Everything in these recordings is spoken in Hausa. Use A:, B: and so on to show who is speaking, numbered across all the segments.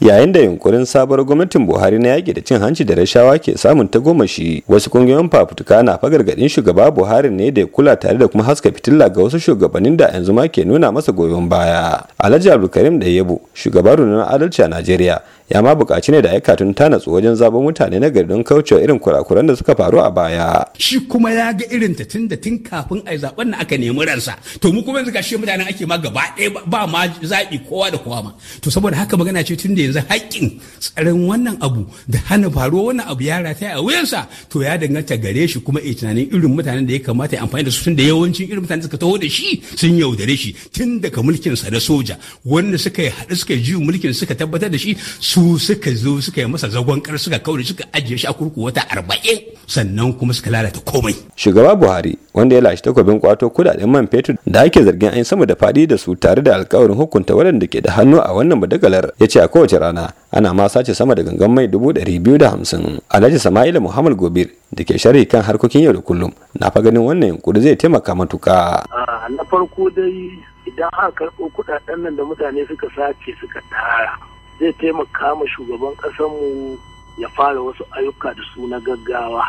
A: yayin da yunkurin sabuwar gwamnatin buhari na yaƙi da cin hanci da rashawa ke samun ta goma shi wasu ƙungiyoyin fafutuka na fagargadin shugaba buhari ne da ya kula tare da kuma haska fitila ga wasu shugabannin da yanzu ma ke nuna masa goyon baya alhaji abdulkarim da yabo shugaban rundunar adalci a najeriya ya ma bukaci ne da aika tun ta natsu wajen zaben mutane na garin don kaucewa irin kurakuran da suka faru a baya
B: shi kuma ya ga irin ta tun da tun kafin a zaben na aka nemi ransa to mu kuma yanzu shi mutanen ake ma gaba ɗaya ba ma zaɓi kowa da kowa ma to saboda haka magana ce tun da yanzu haƙƙin tsarin wannan abu da hana faruwa wannan abu ya rataya a wuyansa to ya danganta gare shi kuma ya tunanin irin mutanen da ya kamata ya amfani da su tun da yawancin irin mutanen suka taho da shi sun yaudare shi tun daga mulkinsa na soja wanda suka yi haɗu suka yi mulkin suka tabbatar da shi su suka zo suka yi masa zagon kar suka kaure suka ajiye shi a kurku wata arba'in sannan kuma suka lalata komai.
A: Shugaba Buhari wanda ya lashe takobin kwato kudaden man fetur da ake zargin an sama da faɗi da su tare da alkawarin hukunta waɗanda ke da hannu a wannan badagalar ya ce a kowace rana ana ma sace sama da gangan mai dubu ɗari biyu da hamsin. Alhaji Sama'ila Muhammad Gobir da ke sharhi kan harkokin yau da kullum na fa ganin wannan yunkuri zai taimaka matuka.
C: Na farko dai idan aka karɓo kudaden nan da mutane suka sace suka tara zai taimaka ma shugaban ƙasanmu ya fara wasu ayyuka da su na gaggawa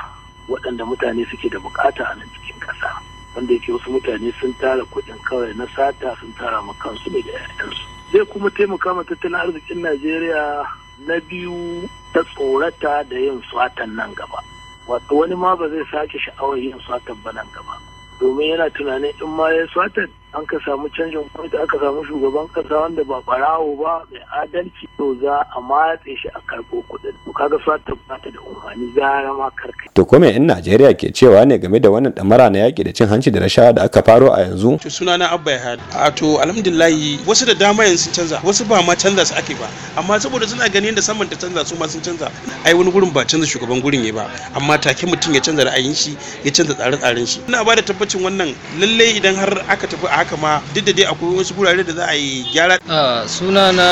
C: waɗanda mutane suke da bukata a nan cikin ƙasa wanda yake wasu mutane sun tara kuɗin kawai na sata sun tara ma kansu da 'ya'yansu zai kuma taimaka ma tattalin arzikin najeriya na biyu ta tsorata da yin swatan nan gaba wato wani ma ba zai sake sha'awar yin swatan ba nan gaba domin yana tunanin in ma ya swatan an ka samu canjin kwamiti aka samu shugaban kasa wanda ba barawo ba mai adalci to za a matse shi a karɓo kuɗin to kaga su ta bata da umarni zara ma karkai.
A: to kome in najeriya ke cewa ne game da wannan damara na yaƙi da cin hanci da rashawa da aka faro a yanzu. to
B: suna na abba ya hali a to alhamdulillahi wasu da dama yanzu sun canza wasu ba ma canza su ake ba amma saboda suna ganin da saman ta canza su ma sun canza ai wani gurin ba canza shugaban gurin ya ba amma take mutum ya canza ra'ayin shi ya canza tsare-tsaren shi ina ba da tabbacin wannan lallai idan har aka tafi haka ma
D: duk da dai akwai wasu gurare da za a yi gyara. Ah, suna na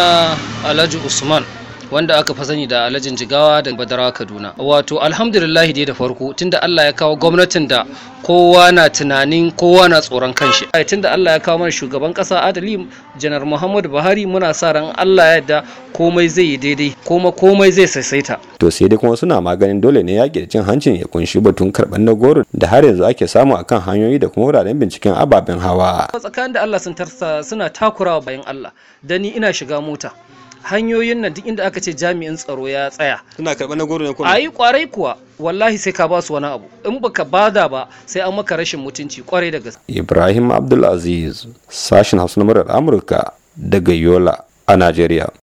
D: Alhaji Usman wanda aka fa sani da alhajin jigawa da badarawa kaduna wato alhamdulillah dai da farko tunda allah ya kawo gwamnatin da kowa na tunanin kowa na tsoron kanshi tunda allah ya kawo mana shugaban kasa adali janar muhammadu buhari muna sa ran allah ya yarda komai zai yi daidai kuma komai zai saisaita
A: to sai dai kuma suna maganin dole ne yaƙi da cin hancin ya kunshi batun karɓar na goro da har yanzu ake samu akan hanyoyi da kuma wuraren binciken ababen hawa
D: tsakanin da allah sun tarsa suna takurawa bayan allah da ni ina shiga mota hanyoyin nan duk inda aka ce jami'in tsaro ya tsaya suna karba na goro kuma ayi kwarai kuwa wallahi sai ka ba su wani abu in baka bada ba sai an maka rashin mutunci kwarai da gaske
A: Ibrahim Abdulaziz sashin Hausa na Amurka daga Yola a Najeriya